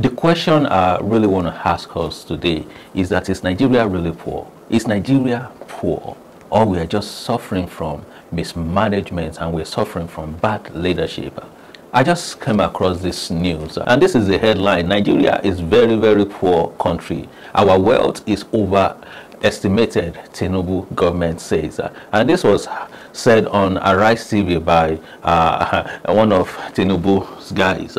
The question I really want to ask us today is that is Nigeria really poor? Is Nigeria poor? Or we are just suffering from mismanagement and we're suffering from bad leadership? I just came across this news and this is the headline. Nigeria is very, very poor country. Our wealth is overestimated, Tinubu government says. And this was said on Arise TV by uh, one of Tinubu's guys.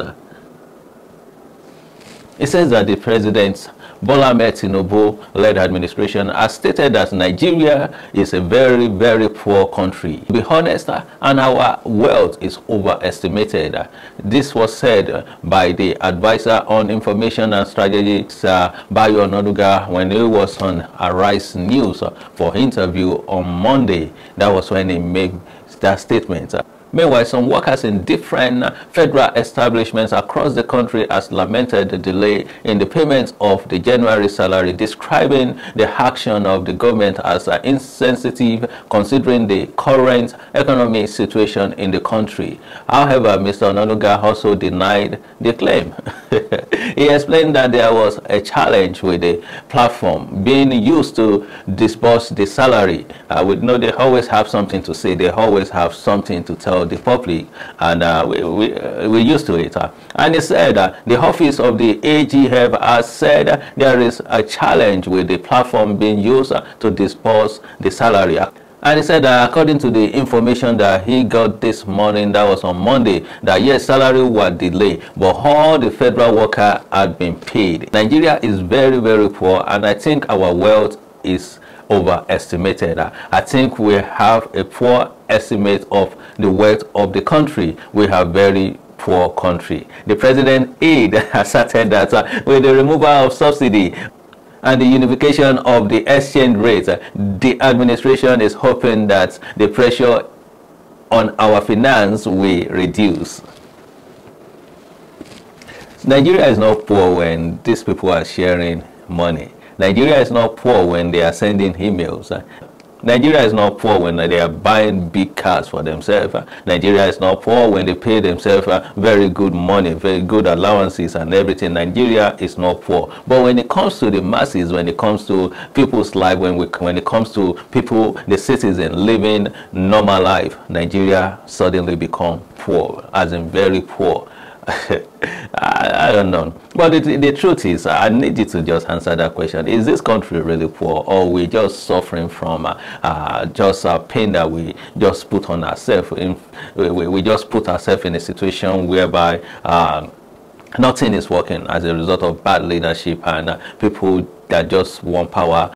It says that the president, Bola Tinubu-led administration has stated that Nigeria is a very, very poor country. To be honest, and our wealth is overestimated. This was said by the advisor on information and strategy, uh, Bayo Noduga, when he was on Arise News for interview on Monday. That was when he made that statement. Meanwhile, some workers in different federal establishments across the country has lamented the delay in the payments of the January salary, describing the action of the government as uh, insensitive considering the current economic situation in the country. However, Mr. Onanuga also denied the claim. he explained that there was a challenge with the platform being used to disburse the salary. Uh, we know they always have something to say. They always have something to tell of the public, and uh, we, we, uh, we're used to it. Uh. and he said the office of the AGF has said there is a challenge with the platform being used uh, to disperse the salary. And he said that according to the information that he got this morning, that was on Monday, that yes, salary was delayed, but all the federal worker had been paid. Nigeria is very, very poor, and I think our wealth is overestimated. I think we have a poor estimate of the wealth of the country. We have very poor country. The president aid asserted that uh, with the removal of subsidy and the unification of the exchange rate, the administration is hoping that the pressure on our finance will reduce. Nigeria is not poor when these people are sharing money. Nigeria is not poor when they are sending emails. Eh? Nigeria is not poor when they are buying big cars for themselves. Eh? Nigeria is not poor when they pay themselves eh? very good money, very good allowances and everything. Nigeria is not poor. But when it comes to the masses, when it comes to people's life, when, we, when it comes to people, the citizens living normal life, Nigeria suddenly become poor, as in very poor. I, I, don't know. But the, the truth is, I need you to just answer that question. Is this country really poor or we just suffering from uh, uh, just uh, pain that we just put on ourselves? We, we, we, just put ourselves in a situation whereby uh, nothing is working as a result of bad leadership and uh, people that just want power